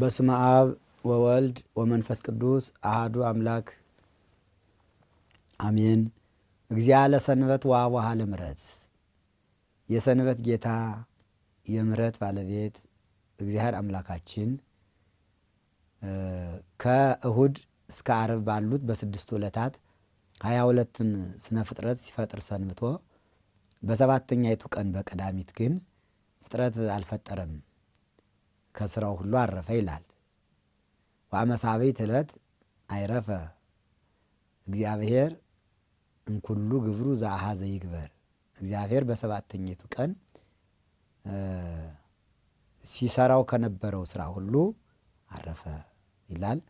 በስመ አብ ወወልድ ወመንፈስ ቅዱስ አህዱ አምላክ አሜን። እግዚአ ለሰንበት ዋዋሃ ለምሕረት የሰንበት ጌታ የምረት ባለቤት እግዚአብሔር አምላካችን ከእሁድ እስከ አርብ ባሉት በስድስቱ ዕለታት ሀያ ሁለትን ስነ ፍጥረት ሲፈጥር ሰንብቶ በሰባተኛይቱ ቀን በቀዳሚት ግን ፍጥረት አልፈጠረም። ከሥራው ሁሉ አረፈ ይላል። ወአመሳቤት ዕለት አይረፈ እግዚአብሔር እንኩሉ ግብሩ ዘአኀዘ ይግበር። እግዚአብሔር በሰባተኝቱ ቀን ሲሰራው ከነበረው ስራ ሁሉ አረፈ ይላል።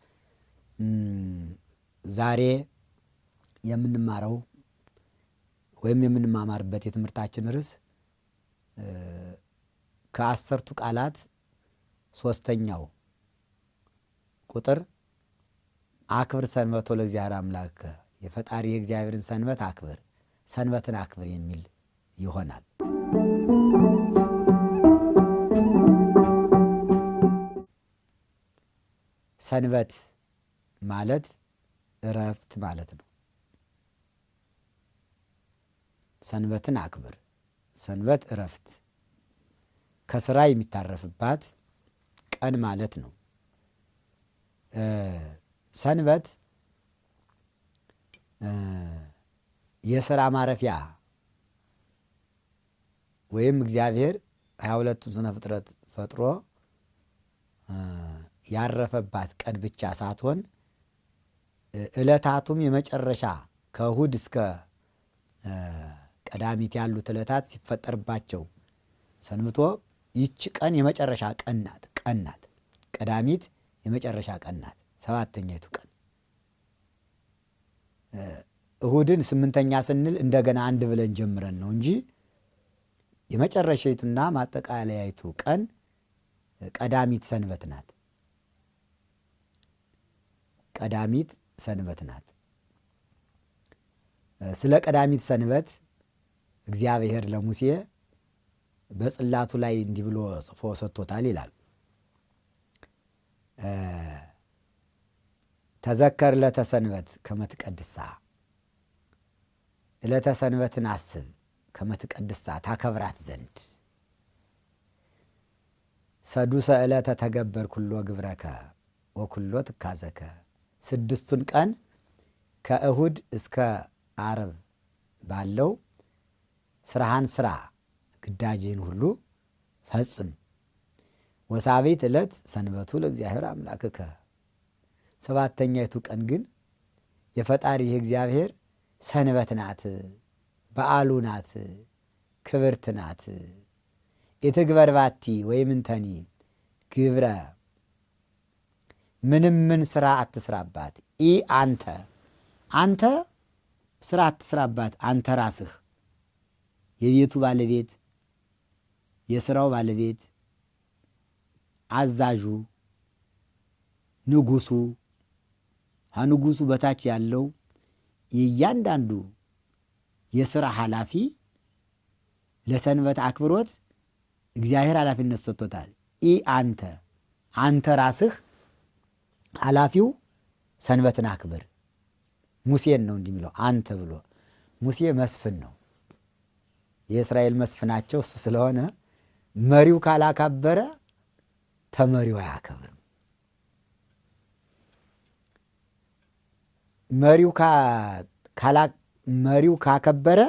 ዛሬ የምንማረው ወይም የምንማማርበት የትምህርታችን ርዕስ ከአሰርቱ ቃላት ሶስተኛው ቁጥር አክብር ሰንበቶ ለእግዚአብሔር አምላክ የፈጣሪ የእግዚአብሔርን ሰንበት አክብር፣ ሰንበትን አክብር የሚል ይሆናል። ሰንበት ማለት እረፍት ማለት ነው። ሰንበትን አክብር፣ ሰንበት እረፍት ከስራ የሚታረፍባት ቀን ማለት ነው። ሰንበት የስራ ማረፊያ ወይም እግዚአብሔር ሀያ ሁለቱን ስነ ፍጥረት ፈጥሮ ያረፈባት ቀን ብቻ ሳትሆን እለታቱም የመጨረሻ ከእሁድ እስከ ቀዳሚት ያሉት እለታት ሲፈጠርባቸው ሰንብቶ ይቺ ቀን የመጨረሻ ቀን ናት። ቀን ናት። ቀዳሚት የመጨረሻ ቀን ናት። ሰባተኛይቱ ቀን እሁድን ስምንተኛ ስንል እንደገና አንድ ብለን ጀምረን ነው እንጂ የመጨረሻይቱና ማጠቃለያይቱ ቀን ቀዳሚት ሰንበት ናት። ቀዳሚት ሰንበት ናት። ስለ ቀዳሚት ሰንበት እግዚአብሔር ለሙሴ በጽላቱ ላይ እንዲህ ብሎ ጽፎ ሰጥቶታል ይላል ተዘከር ዕለተ ሰንበት ከመትቀድሳ ዕለተ ሰንበትን አስብ ከመትቀድሳ ታከብራት ዘንድ ሰዱሰ ዕለተ ተገበር ኩሎ ግብረከ ወኩሎ ትካዘከ ስድስቱን ቀን ከእሁድ እስከ አርብ ባለው ስራሃን ስራ ግዳጅህን ሁሉ ፈጽም ወሳቤት ዕለት ሰንበቱ ለእግዚአብሔር አምላክከ ሰባተኛይቱ ቀን ግን የፈጣሪ እግዚአብሔር ሰንበት ናት፣ በዓሉ ናት፣ ክብርት ናት። ኢትግበር ባቲ ወይም እንተኒ ግብረ ምንም ምን ስራ አትስራባት። ኢ አንተ አንተ ስራ አትስራባት። አንተ ራስህ የቤቱ ባለቤት የስራው ባለቤት አዛዡ፣ ንጉሱ ከንጉሱ በታች ያለው የእያንዳንዱ የስራ ኃላፊ ለሰንበት አክብሮት እግዚአብሔር ኃላፊነት ሰጥቶታል። ኢ አንተ አንተ ራስህ ኃላፊው ሰንበትን አክብር። ሙሴን ነው እንዲህ የሚለው አንተ ብሎ ሙሴ መስፍን ነው፣ የእስራኤል መስፍናቸው እሱ ስለሆነ መሪው ካላካበረ ተመሪው አያከብርም። መሪው ካከበረ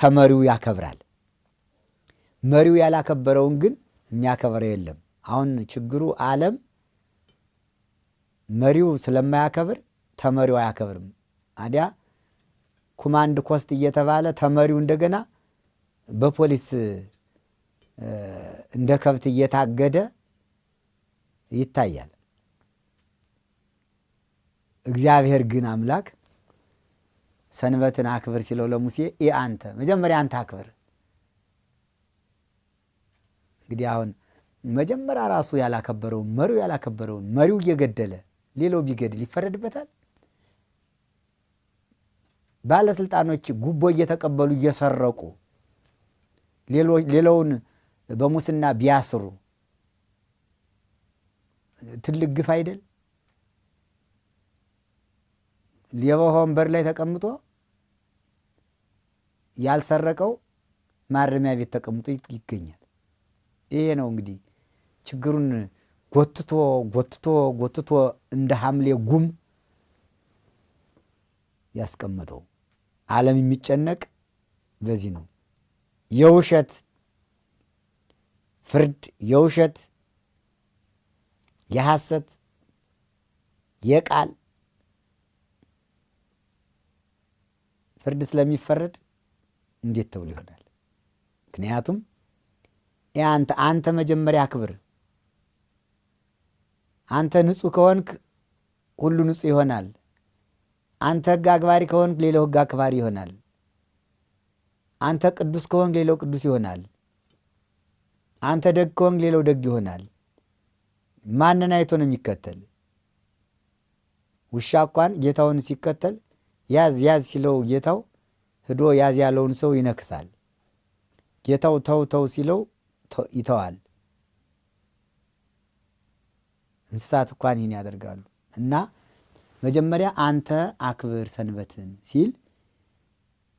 ተመሪው ያከብራል። መሪው ያላከበረውን ግን የሚያከብረው የለም። አሁን ችግሩ ዓለም መሪው ስለማያከብር ተመሪው አያከብርም። አዲያ ኩማንድ ኮስት እየተባለ ተመሪው እንደገና በፖሊስ እንደ ከብት እየታገደ ይታያል። እግዚአብሔር ግን አምላክ ሰንበትን አክብር ሲለው ለሙሴ ኢ አንተ መጀመሪያ አንተ አክብር። እንግዲህ አሁን መጀመሪያ ራሱ ያላከበረውን መሪው ያላከበረውን መሪው እየገደለ ሌላው ቢገድል ይፈረድበታል። ባለስልጣኖች ጉቦ እየተቀበሉ እየሰረቁ ሌላውን በሙስና ቢያስሩ ትልቅ ግፍ አይደል? የበሆ ወንበር ላይ ተቀምጦ ያልሰረቀው ማረሚያ ቤት ተቀምጦ ይገኛል። ይሄ ነው እንግዲህ ችግሩን ጎትቶ ጎትቶ ጎትቶ እንደ ሐምሌ ጉም ያስቀመጠው ዓለም የሚጨነቅ በዚህ ነው የውሸት ፍርድ የውሸት የሐሰት የቃል ፍርድ ስለሚፈረድ እንዴት ተውል ይሆናል? ምክንያቱም አንተ አንተ መጀመሪያ አክብር። አንተ ንጹሕ ከሆንክ ሁሉ ንጹሕ ይሆናል። አንተ ሕግ አክባሪ ከሆንክ ሌላው ሕግ አክባሪ ይሆናል። አንተ ቅዱስ ከሆንክ ሌላው ቅዱስ ይሆናል። አንተ ደግ ከሆንክ ሌላው ደግ ይሆናል። ማንን አይቶ ነው የሚከተል? ውሻ እንኳን ጌታውን ሲከተል ያዝ ያዝ ሲለው ጌታው ህዶ ያዝ ያለውን ሰው ይነክሳል። ጌታው ተው ተው ሲለው ይተዋል። እንስሳት እንኳን ይህን ያደርጋሉ። እና መጀመሪያ አንተ አክብር ሰንበትን ሲል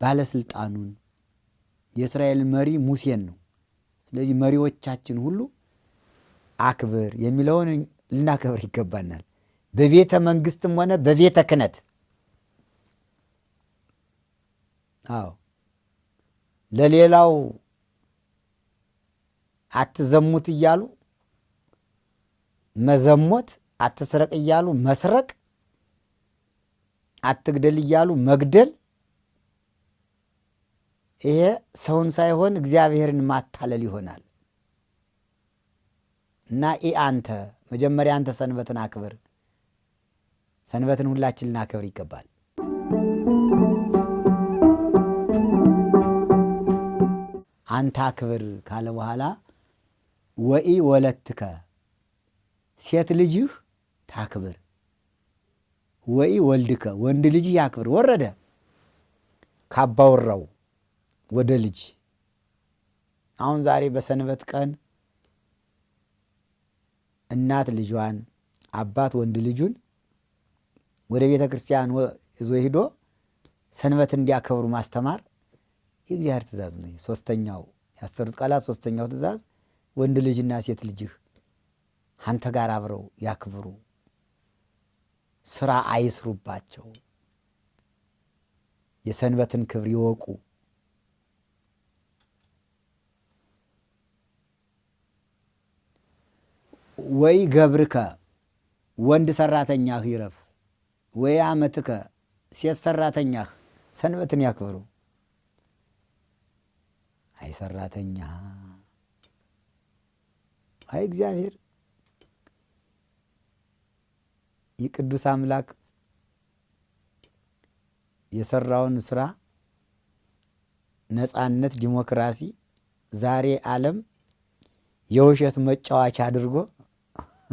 ባለስልጣኑን የእስራኤል መሪ ሙሴን ነው። ስለዚህ መሪዎቻችን ሁሉ አክብር የሚለውን ልናከብር ይገባናል። በቤተ መንግስትም ሆነ በቤተ ክህነት አዎ ለሌላው አትዘሙት እያሉ መዘሞት፣ አትስረቅ እያሉ መስረቅ፣ አትግደል እያሉ መግደል ይሄ ሰውን ሳይሆን እግዚአብሔርን ማታለል ይሆናል እና ኢ አንተ መጀመሪያ አንተ ሰንበትን አክብር። ሰንበትን ሁላችን ልናክብር ይገባል። አንተ አክብር ካለ በኋላ ወኢ ወለትከ ሴት ልጅህ ታክብር፣ ወኢ ወልድከ ወንድ ልጅህ ያክብር። ወረደ ካባወራው ወደ ልጅ አሁን ዛሬ በሰንበት ቀን እናት ልጇን አባት ወንድ ልጁን ወደ ቤተ ክርስቲያን ይዞ ሂዶ ሰንበት እንዲያከብሩ ማስተማር የእግዚአብሔር ትእዛዝ ነው። ሶስተኛው ያሰሩት ቃላት ሶስተኛው ትእዛዝ ወንድ ልጅና ሴት ልጅህ አንተ ጋር አብረው ያክብሩ፣ ስራ አይስሩባቸው፣ የሰንበትን ክብር ይወቁ ወይ ገብርከ ወንድ ሰራተኛህ ይረፍ፣ ወይ አመትከ ሴት ሰራተኛህ ሰንበትን ያክብሩ። አይ ሰራተኛ፣ አይ እግዚአብሔር የቅዱስ አምላክ የሰራውን ስራ ነጻነት፣ ዲሞክራሲ ዛሬ ዓለም የውሸት መጫወቻ አድርጎ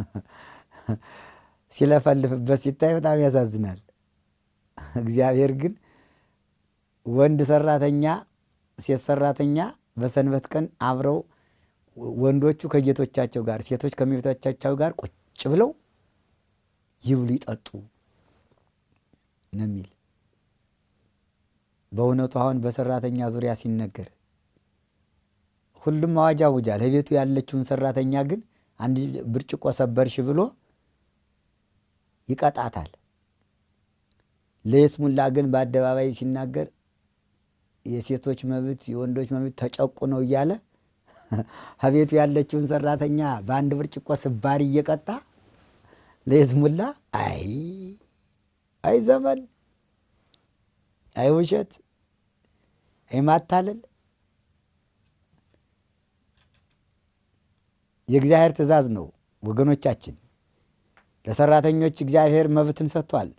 ሲለፈልፍበት ሲታይ በጣም ያሳዝናል። እግዚአብሔር ግን ወንድ ሰራተኛ፣ ሴት ሰራተኛ በሰንበት ቀን አብረው ወንዶቹ ከጌቶቻቸው ጋር ሴቶች ከሚቤቶቻቸው ጋር ቁጭ ብለው ይብሉ ይጠጡ ነው የሚል በእውነቱ አሁን በሰራተኛ ዙሪያ ሲነገር ሁሉም አዋጅ አውጃል። ለቤቱ ያለችውን ሰራተኛ ግን አንድ ብርጭቆ ሰበርሽ ብሎ ይቀጣታል። ለይስሙላ ግን በአደባባይ ሲናገር የሴቶች መብት የወንዶች መብት ተጨቁ ነው እያለ ከቤቱ ያለችውን ሰራተኛ በአንድ ብርጭቆ ስባሪ እየቀጣ ለይስሙላ አይ አይ ዘመን አይ ውሸት አይ ማታለል የእግዚአብሔር ትእዛዝ ነው። ወገኖቻችን ለሰራተኞች እግዚአብሔር መብትን ሰጥቷል።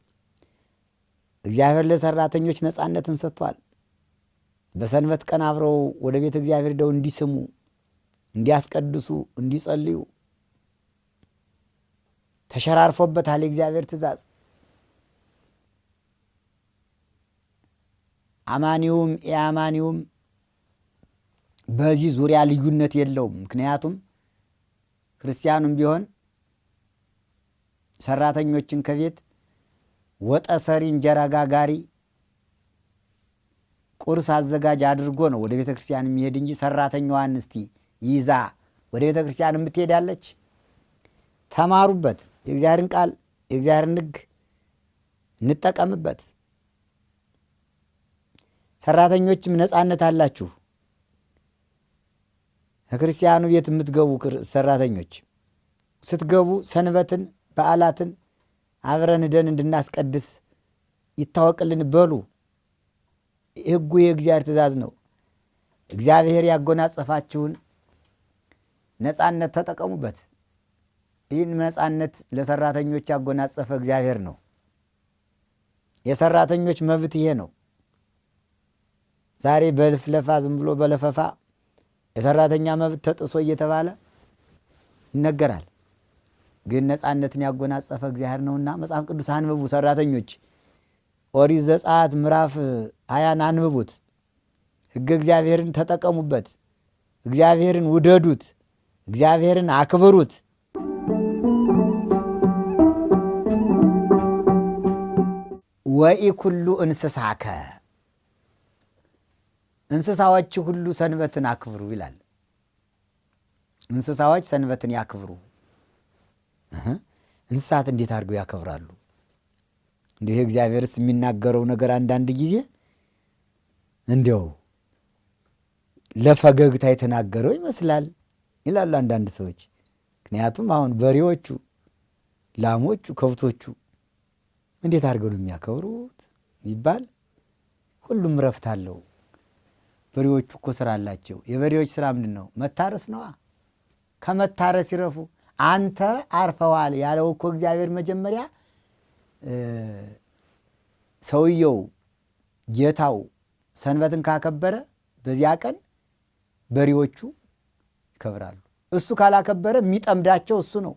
እግዚአብሔር ለሰራተኞች ነፃነትን ሰጥቷል። በሰንበት ቀን አብረው ወደ ቤተ እግዚአብሔር ሄደው እንዲስሙ፣ እንዲያስቀድሱ፣ እንዲጸልዩ ተሸራርፎበታል የእግዚአብሔር ትእዛዝ። አማኒውም የአማኒውም በዚህ ዙሪያ ልዩነት የለውም። ምክንያቱም ክርስቲያኑም ቢሆን ሰራተኞችን ከቤት ወጠ ሰሪ፣ እንጀራ ጋጋሪ፣ ቁርስ አዘጋጅ አድርጎ ነው ወደ ቤተ ክርስቲያን የሚሄድ እንጂ ሰራተኛዋን እስቲ ይዛ ወደ ቤተ ክርስቲያን የምትሄዳለች? ተማሩበት። የእግዚአብሔርን ቃል የእግዚአብሔርን ሕግ እንጠቀምበት። ሰራተኞችም ነፃነት አላችሁ። ከክርስቲያኑ ቤት የምትገቡ ሰራተኞች ስትገቡ ሰንበትን፣ በዓላትን አብረን ደን እንድናስቀድስ ይታወቅልን በሉ። ሕጉ የእግዚአብሔር ትእዛዝ ነው። እግዚአብሔር ያጎናጸፋችሁን ነፃነት ተጠቀሙበት። ይህን ነፃነት ለሰራተኞች ያጎናጸፈ እግዚአብሔር ነው። የሰራተኞች መብት ይሄ ነው። ዛሬ በልፍለፋ ዝም ብሎ በለፈፋ የሰራተኛ መብት ተጥሶ እየተባለ ይነገራል። ግን ነፃነትን ያጎናጸፈ እግዚአብሔር ነውና መጽሐፍ ቅዱስ አንብቡ ሰራተኞች፣ ኦሪት ዘጸአት ምዕራፍ ሀያን አንብቡት። ሕገ እግዚአብሔርን ተጠቀሙበት። እግዚአብሔርን ውደዱት። እግዚአብሔርን አክብሩት። ወኢ ኩሉ እንስሳከ እንስሳዎች ሁሉ ሰንበትን አክብሩ ይላል። እንስሳዎች ሰንበትን ያክብሩ። እንስሳት እንዴት አድርገው ያከብራሉ? እንዲሁ እግዚአብሔርስ የሚናገረው ነገር አንዳንድ ጊዜ እንዲው ለፈገግታ የተናገረው ይመስላል ይላሉ አንዳንድ ሰዎች። ምክንያቱም አሁን በሬዎቹ፣ ላሞቹ፣ ከብቶቹ እንዴት አድርገው ነው የሚያከብሩት ይባል። ሁሉም ረፍት አለው። በሬዎቹ እኮ ስራ አላቸው። የበሬዎች ስራ ምንድን ነው? መታረስ ነዋ። ከመታረስ ይረፉ። አንተ አርፈዋል ያለው እኮ እግዚአብሔር መጀመሪያ ሰውየው ጌታው ሰንበትን ካከበረ በዚያ ቀን በሬዎቹ ይከብራሉ። እሱ ካላከበረ የሚጠምዳቸው እሱ ነው፣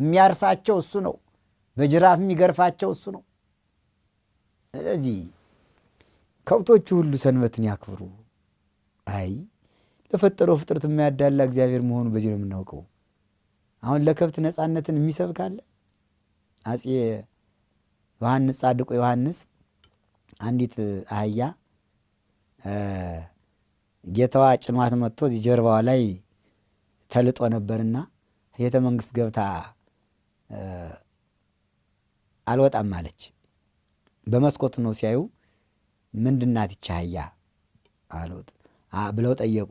የሚያርሳቸው እሱ ነው፣ በጅራፍ የሚገርፋቸው እሱ ነው። ስለዚህ ከብቶቹ ሁሉ ሰንበትን ያክብሩ። አይ ለፈጠረው ፍጥረት የማያዳላ እግዚአብሔር መሆኑ በዚህ ነው የምናውቀው። አሁን ለከብት ነፃነትን የሚሰብክ አለ? አጼ ዮሐንስ ጻድቁ ዮሐንስ አንዲት አህያ ጌታዋ ጭኗት መጥቶ እዚህ ጀርባዋ ላይ ተልጦ ነበርና ቤተ መንግስት ገብታ አልወጣም አለች። በመስኮቱ ነው ሲያዩ ምንድናት ይቻ አሉት። ብለው ጠየቁ።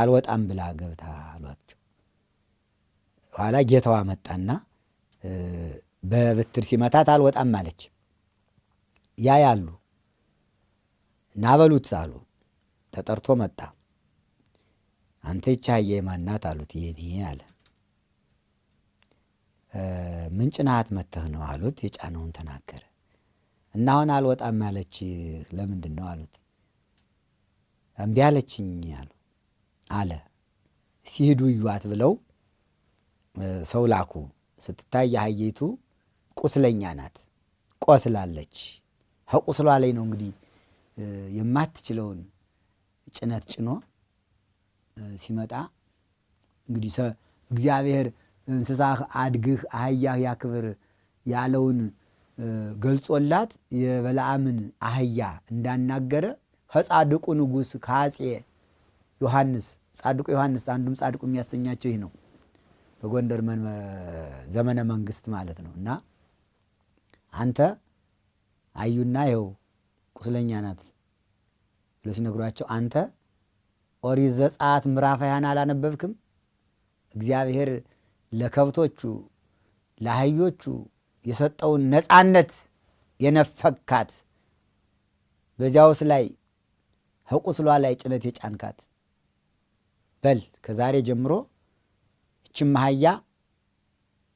አልወጣም ብላ ገብታ አሏቸው። ኋላ ጌታዋ መጣና በብትር ሲመታት አልወጣም አለች። ያ ያሉ ናበሉት አሉ። ተጠርቶ መጣ። አንተ ይቺ ማናት የማን ናት አሉት። የኔ አለ። ምን ጭነሃት መተህ ነው አሉት። የጫነውን ተናገረ እናሁን አልወጣም አለች ለምንድን ነው አሉት። እምቢ አለችኝ አሉ አለ። ሲሄዱ እዩዋት ብለው ሰው ላኩ። ስትታይ አህያይቱ ቁስለኛ ናት፣ ቆስላለች። ከቁስሏ ላይ ነው እንግዲህ የማትችለውን ጭነት ጭኖ ሲመጣ እንግዲህ እግዚአብሔር እንስሳ አድግህ አህያህ ያክብር ያለውን ገልጾላት የበለዓምን አህያ እንዳናገረ ከጻድቁ ንጉሥ ከአጼ ዮሐንስ ጻድቁ ዮሐንስ አንዱም ጻድቁ የሚያሰኛቸው ይህ ነው። በጎንደር ዘመነ መንግስት ማለት ነው። እና አንተ አዩና ይኸው ቁስለኛ ናት ብሎ ሲነግሯቸው አንተ ኦሪት ዘጸአት ምዕራፍ ሃያን አላነበብክም? እግዚአብሔር ለከብቶቹ ለአህዮቹ የሰጠውን ነፃነት የነፈካት በዚያውስ ላይ ከቁስሏ ላይ ጭነት የጫንካት በል ከዛሬ ጀምሮ እችም አህያ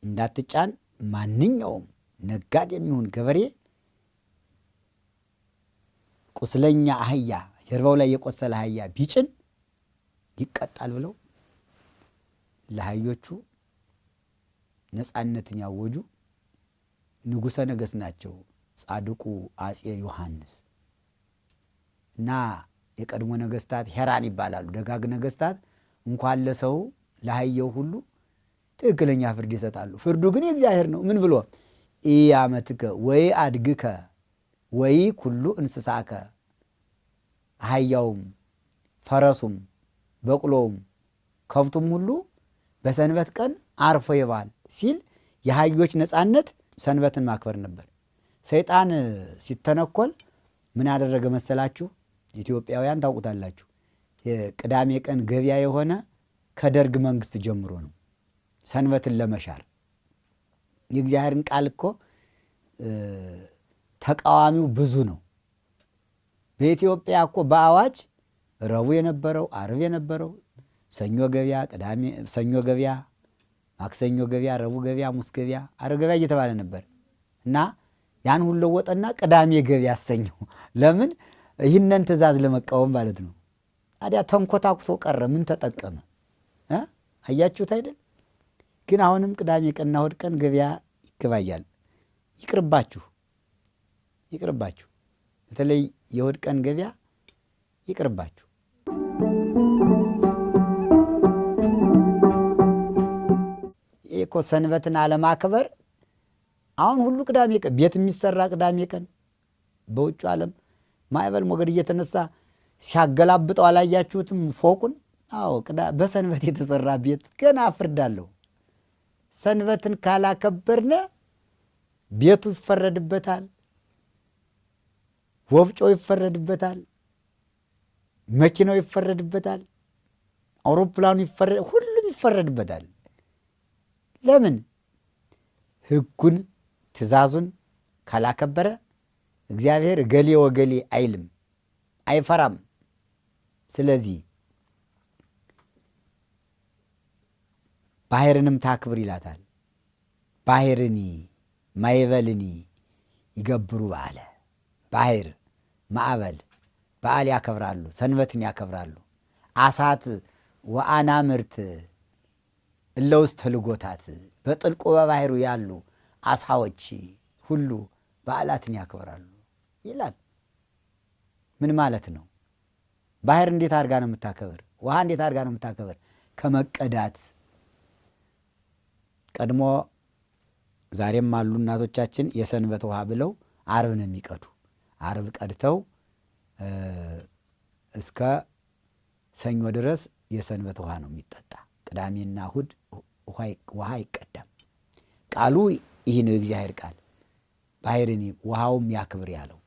እንዳትጫን ማንኛውም ነጋዴ የሚሆን ገበሬ ቁስለኛ አህያ ጀርባው ላይ የቆሰለ አህያ ቢጭን ይቀጣል ብለው ለአህዮቹ ነፃነትን ያወጁ ንጉሠ ነገሥት ናቸው ጻድቁ አፄ ዮሐንስ እና የቀድሞ ነገስታት ሄራን ይባላሉ። ደጋግ ነገስታት እንኳን ለሰው ለአህያው ሁሉ ትክክለኛ ፍርድ ይሰጣሉ። ፍርዱ ግን የእግዚአብሔር ነው። ምን ብሎ ኢያመትከ ወይ አድግከ ወይ ኩሉ እንስሳከ አህያውም ፈረሱም በቅሎውም ከብቱም ሁሉ በሰንበት ቀን አርፎ ይባል ሲል የአህዮች ነፃነት ሰንበትን ማክበር ነበር። ሰይጣን ሲተነኮል ምን አደረገ መሰላችሁ? ኢትዮጵያውያን ታውቁታላችሁ። የቅዳሜ ቀን ገበያ የሆነ ከደርግ መንግስት ጀምሮ ነው። ሰንበትን ለመሻር የእግዚአብሔርን ቃል እኮ ተቃዋሚው ብዙ ነው። በኢትዮጵያ እኮ በአዋጅ ረቡ የነበረው አርብ የነበረው ሰኞ ገበያ፣ ቅዳሜ ሰኞ ገበያ፣ ማክሰኞ ገበያ፣ ረቡ ገበያ፣ ሙስ ገበያ፣ አርብ ገበያ እየተባለ ነበር እና ያን ሁሉ ወጠና ቅዳሜ ገበያ አሰኘው። ለምን ይህንን ትእዛዝ ለመቃወም ማለት ነው። ታዲያ ተንኮታኩቶ ቀረ። ምን ተጠቀመ? አያችሁት አይደል? ግን አሁንም ቅዳሜ ቀንና እሑድ ቀን ገበያ ይገባያል። ይቅርባችሁ፣ ይቅርባችሁ። በተለይ የእሑድ ቀን ገበያ ይቅርባችሁ። እኮ ሰንበትን አለማክበር አሁን ሁሉ ቅዳሜ ቀን ቤት የሚሰራ ቅዳሜ ቀን በውጭ ዓለም ማዕበል ሞገድ እየተነሳ ሲያገላብጠው አላያችሁትም? ፎቁን። አዎ በሰንበት የተሰራ ቤት ገና አፍርዳለሁ። ሰንበትን ካላከበርነ ቤቱ ይፈረድበታል፣ ወፍጮ ይፈረድበታል፣ መኪናው ይፈረድበታል፣ አውሮፕላኑ ይፈረድ፣ ሁሉም ይፈረድበታል። ለምን? ህጉን ትእዛዙን ካላከበረ እግዚአብሔር እገሌ ወገሌ አይልም፣ አይፈራም። ስለዚህ ባሕርንም ታክብር ይላታል። ባሕርኒ ማይበልኒ ይገብሩ በዓለ ባሕር ማዕበል በዓል ያከብራሉ፣ ሰንበትን ያከብራሉ። አሳት ወአና ምርት እለውስ ተልጎታት በጥልቁ በባሕሩ ያሉ አሳዎች ሁሉ በዓላትን ያከብራሉ። ይላል። ምን ማለት ነው? ባህር እንዴት አድርጋ ነው የምታከብር? ውሃ እንዴት አድርጋ ነው የምታከብር? ከመቀዳት ቀድሞ ዛሬም አሉ እናቶቻችን የሰንበት ውሃ ብለው አርብ ነው የሚቀዱ። አርብ ቀድተው እስከ ሰኞ ድረስ የሰንበት ውሃ ነው የሚጠጣ። ቅዳሜና እሁድ ውሃ አይቀዳም። ቃሉ ይህ ነው፣ የእግዚአብሔር ቃል ባህርን ውሃውም ያክብር ያለው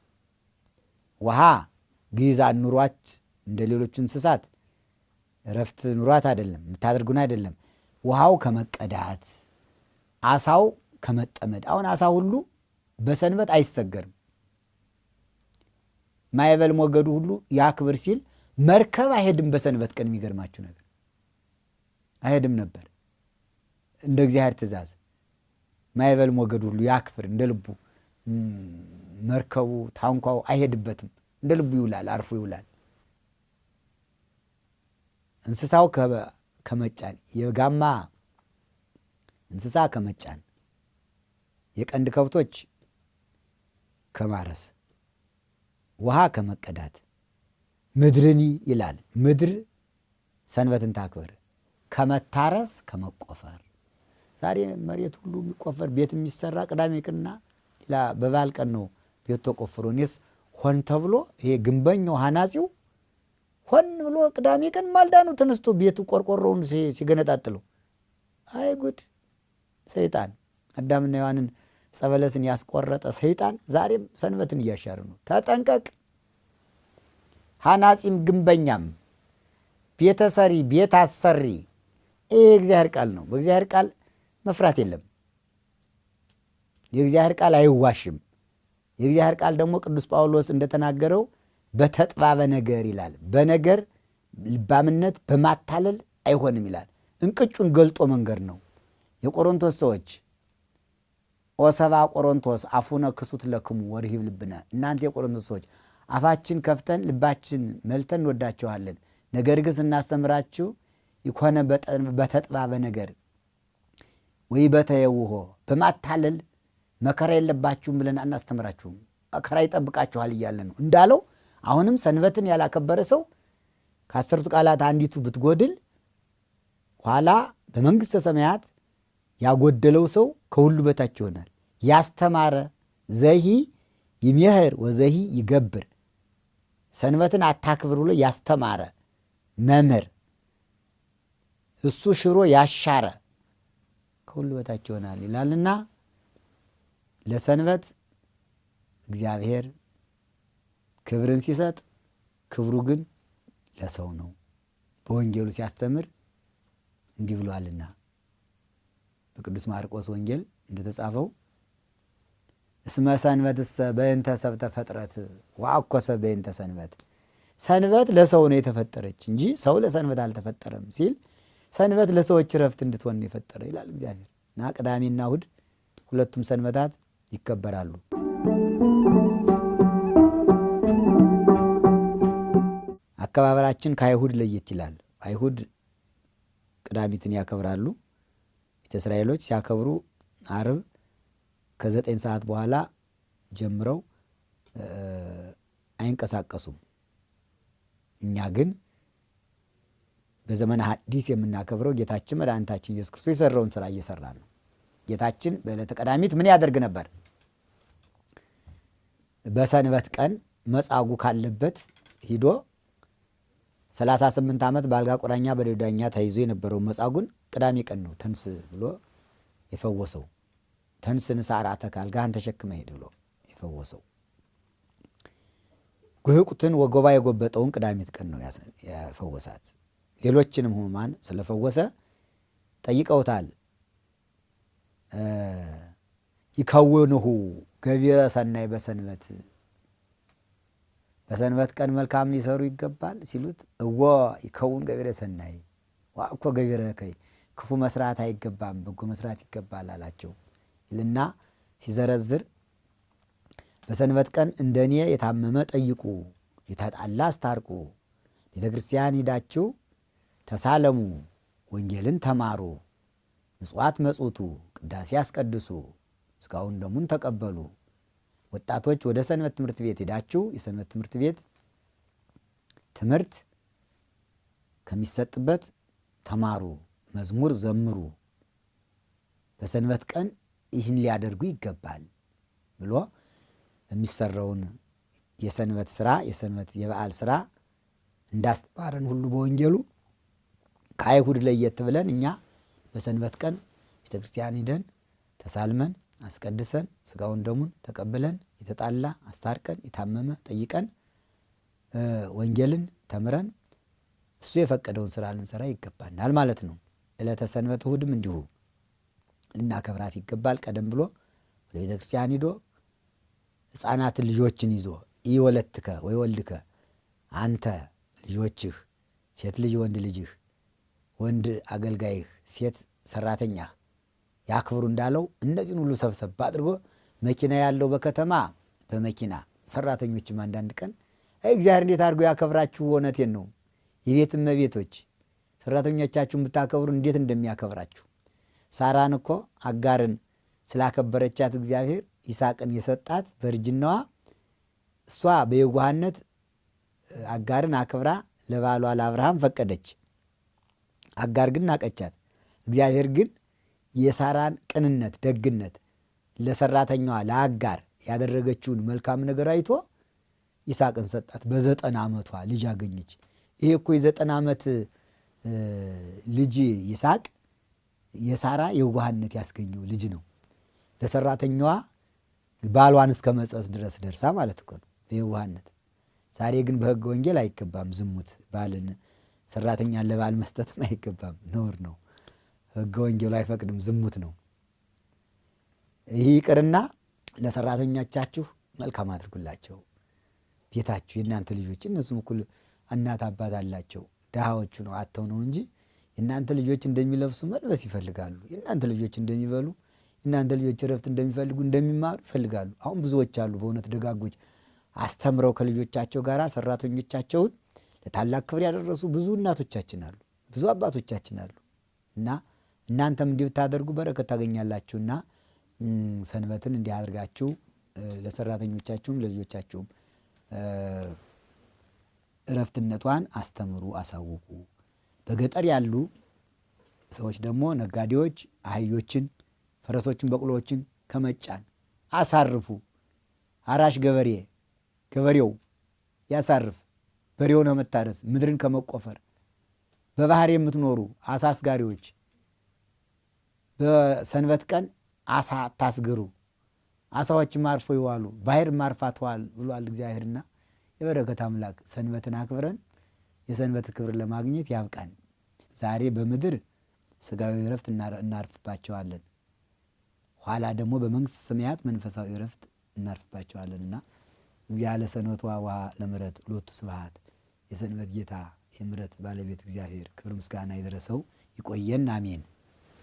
ውሃ ግይዛን ኑሯች እንደ ሌሎቹ እንስሳት እረፍት ኑሯት አይደለም የምታደርጉን አይደለም። ውሃው ከመቀዳት አሳው ከመጠመድ። አሁን አሳ ሁሉ በሰንበት አይሰገርም። ማይበል ሞገዱ ሁሉ ያክብር ሲል መርከብ አይሄድም በሰንበት ቀን። የሚገርማችሁ ነገር አይሄድም ነበር እንደ እግዚአብሔር ትእዛዝ። ማይበል ሞገዱ ሁሉ ያክብር እንደ ልቡ መርከቡ፣ ታንኳው አይሄድበትም። እንደ ልቡ ይውላል፣ አርፎ ይውላል። እንስሳው ከመጫን የጋማ እንስሳ ከመጫን የቀንድ ከብቶች ከማረስ ውሃ ከመቀዳት ምድርን ይላል። ምድር ሰንበትን ታክብር። ከመታረስ ከመቆፈር ዛሬ መሬት ሁሉ የሚቆፈር ቤት የሚሰራ ቅዳሜ ቅና በባል ቀን ነው የተቆፍሮኔስ ሆን ተብሎ ይሄ ግንበኛው ሐናጺው ሆን ብሎ ቅዳሜ ቀን ማልዳኑ ተነስቶ ቤቱ ቆርቆሮውን ሲገነጣጥለው፣ አይ ጉድ! ሰይጣን አዳምና ሔዋንን ጸበለስን ያስቆረጠ ሰይጣን ዛሬም ሰንበትን እያሻረ ነው። ተጠንቀቅ። ሐናጺም ግንበኛም ቤተሰሪ ቤት አሰሪ ይህ የእግዚአብሔር ቃል ነው። በእግዚአብሔር ቃል መፍራት የለም። የእግዚአብሔር ቃል አይዋሽም። የእግዚአብሔር ቃል ደግሞ ቅዱስ ጳውሎስ እንደተናገረው በተጥባበ ነገር ይላል። በነገር ልባምነት፣ በማታለል አይሆንም ይላል። እንቅጩን ገልጦ መንገድ ነው። የቆሮንቶስ ሰዎች ኦሰባ ቆሮንቶስ አፉነ ክሱት ለክሙ ወርሂብ ልብነ፣ እናንተ የቆሮንቶስ ሰዎች አፋችን ከፍተን ልባችን መልተን እንወዳችኋለን፣ ነገር ግን ስናስተምራችሁ ይኮነ በተጥባበ ነገር ወይ በተየውሆ በማታለል መከራ የለባችሁም ብለን አናስተምራችሁም፣ መከራ ይጠብቃችኋል እያለ ነው እንዳለው። አሁንም ሰንበትን ያላከበረ ሰው ከአስርቱ ቃላት አንዲቱ ብትጎድል ኋላ በመንግሥተ ሰማያት ያጎደለው ሰው ከሁሉ በታች ይሆናል። ያስተማረ ዘሂ ይምህር ወዘሂ ይገብር፣ ሰንበትን አታክብር ብሎ ያስተማረ መምህር እሱ ሽሮ ያሻረ ከሁሉ በታች ይሆናል ይላልና ለሰንበት እግዚአብሔር ክብርን ሲሰጥ ክብሩ ግን ለሰው ነው። በወንጌሉ ሲያስተምር እንዲህ ብሏልና በቅዱስ ማርቆስ ወንጌል እንደተጻፈው እስመ ሰንበትሰ በእንተ ሰብእ ተፈጥረት ወአኮ ሰብእ በእንተ ሰንበት፣ ሰንበት ለሰው ነው የተፈጠረች እንጂ ሰው ለሰንበት አልተፈጠረም ሲል ሰንበት ለሰዎች እረፍት እንድትሆን የፈጠረ ይላል እግዚአብሔር እና ቅዳሜና እሑድ ሁለቱም ሰንበታት ይከበራሉ። አከባበራችን ከአይሁድ ለየት ይላል። አይሁድ ቅዳሚትን ያከብራሉ። ቤተ እስራኤሎች ሲያከብሩ አርብ ከዘጠኝ ሰዓት በኋላ ጀምረው አይንቀሳቀሱም። እኛ ግን በዘመነ ሐዲስ የምናከብረው ጌታችን መድኃኒታችን ኢየሱስ ክርስቶስ የሰራውን ስራ እየሰራ ነው። ጌታችን በዕለተ ቀዳሚት ምን ያደርግ ነበር? በሰንበት ቀን መጻጉ ካለበት ሂዶ 38 ዓመት በአልጋ ቁራኛ በደዳኛ ተይዞ የነበረው መጻጉን ቅዳሜ ቀን ነው ተንስ ብሎ የፈወሰው። ተንስ ንሳ አርአተ ካልጋህን ተሸክመ ሂድ ብሎ የፈወሰው። ጉህቁትን ወገባ የጎበጠውን ቅዳሜት ቀን ነው ያፈወሳት። ሌሎችንም ሕሙማን ስለፈወሰ ጠይቀውታል። ይከውንሁ ገቢረ ሰናይ በሰንበት በሰንበት ቀን መልካም ሊሰሩ ይገባል ሲሉት እወ ይከውን ገቢረ ሰናይ ዋእኮ ገቢረ ከይ ክፉ መስራት አይገባም፣ በጎ መስራት ይገባል አላቸው ይልና ሲዘረዝር በሰንበት ቀን እንደ እኔ የታመመ ጠይቁ፣ የተጣላ አስታርቁ፣ ቤተ ክርስቲያን ሂዳችሁ ተሳለሙ፣ ወንጌልን ተማሩ፣ ምጽዋት መጽቱ፣ ቅዳሴ አስቀድሱ እስካሁን ደሙን ተቀበሉ። ወጣቶች ወደ ሰንበት ትምህርት ቤት ሄዳችሁ የሰንበት ትምህርት ቤት ትምህርት ከሚሰጥበት ተማሩ፣ መዝሙር ዘምሩ፣ በሰንበት ቀን ይህን ሊያደርጉ ይገባል ብሎ የሚሰራውን የሰንበት ስራ የሰንበት የበዓል ስራ እንዳስተማረን ሁሉ በወንጌሉ ከአይሁድ ለየት ብለን እኛ በሰንበት ቀን ቤተክርስቲያን ሂደን ተሳልመን አስቀድሰን ስጋውን ደሙን ተቀብለን የተጣላ አስታርቀን የታመመ ጠይቀን ወንጌልን ተምረን እሱ የፈቀደውን ስራ ልንሰራ ይገባናል ማለት ነው። ዕለተ ሰንበት እሑድም እንዲሁ ልናከብራት ይገባል። ቀደም ብሎ ወደ ቤተ ክርስቲያን ሂዶ ሕፃናትን ልጆችን ይዞ ይወለትከ ወይ ወልድከ አንተ ልጆችህ ሴት ልጅ ወንድ ልጅህ ወንድ አገልጋይህ ሴት ሰራተኛህ ያክብሩ እንዳለው እነዚህን ሁሉ ሰብሰብ አድርጎ መኪና ያለው በከተማ በመኪና ሰራተኞችም አንዳንድ ቀን እግዚአብሔር እንዴት አድርጎ ያከብራችሁ። እውነቴን ነው። የቤት እመቤቶች ሰራተኞቻችሁን ብታከብሩ እንዴት እንደሚያከብራችሁ ሳራን እኮ አጋርን ስላከበረቻት እግዚአብሔር ይስሐቅን የሰጣት በእርጅናዋ እሷ በየዋህነት አጋርን አክብራ ለባሏ ለአብርሃም ፈቀደች። አጋር ግን ናቀቻት። እግዚአብሔር ግን የሳራን ቅንነት፣ ደግነት ለሰራተኛዋ ለአጋር ያደረገችውን መልካም ነገር አይቶ ይስሐቅን ሰጣት። በዘጠና ዓመቷ ልጅ አገኘች። ይሄ እኮ የዘጠና ዓመት ልጅ ይስሐቅ የሳራ የዋህነት ያስገኘው ልጅ ነው። ለሰራተኛዋ ባሏን እስከ መጸስ ድረስ ደርሳ ማለት እኮ ነው በየዋህነት። ዛሬ ግን በሕገ ወንጌል አይገባም ዝሙት። ባልን ሰራተኛን ለባል መስጠትም አይገባም፣ ነውር ነው። ህገ ወንጌሉ አይፈቅድም፣ ዝሙት ነው። ይህ ይቅርና ለሰራተኞቻችሁ መልካም አድርጉላቸው። ቤታችሁ የእናንተ ልጆች እነሱም እኩል እናት አባት አላቸው። ድሃዎቹ ነው አተው ነው እንጂ የእናንተ ልጆች እንደሚለብሱ መልበስ ይፈልጋሉ። የእናንተ ልጆች እንደሚበሉ፣ የእናንተ ልጆች እረፍት እንደሚፈልጉ እንደሚማሩ ይፈልጋሉ። አሁን ብዙዎች አሉ በእውነት ደጋጎች አስተምረው ከልጆቻቸው ጋር ሰራተኞቻቸውን ለታላቅ ክብር ያደረሱ ብዙ እናቶቻችን አሉ፣ ብዙ አባቶቻችን አሉ እና እናንተም እንዲህ ብታደርጉ በረከት ታገኛላችሁና ሰንበትን እንዲህ አድርጋችሁ ለሰራተኞቻችሁም ለልጆቻችሁም እረፍትነቷን አስተምሩ፣ አሳውቁ። በገጠር ያሉ ሰዎች ደግሞ ነጋዴዎች አህዮችን፣ ፈረሶችን፣ በቅሎዎችን ከመጫን አሳርፉ። አራሽ ገበሬ ገበሬው ያሳርፍ፣ በሬውን ከመታረስ ምድርን ከመቆፈር በባህር የምትኖሩ አሳ አስጋሪዎች በሰንበት ቀን አሳ ታስግሩ፣ አሳዎችም አርፎ ይዋሉ፣ ባህርም አርፋ ብሏል እግዚአብሔርና የበረከት አምላክ ሰንበትን አክብረን የሰንበት ክብር ለማግኘት ያብቃን። ዛሬ በምድር ስጋዊ እረፍት እናርፍባቸዋለን፣ ኋላ ደግሞ በመንግስት ሰማያት መንፈሳዊ እረፍት እናርፍባቸዋለንና እዚያ ለሰንበት ዋዋ ለምረት ሎቱ ስብሐት የሰንበት ጌታ የምረት ባለቤት እግዚአብሔር ክብር ምስጋና የደረሰው ይቆየን፣ አሜን።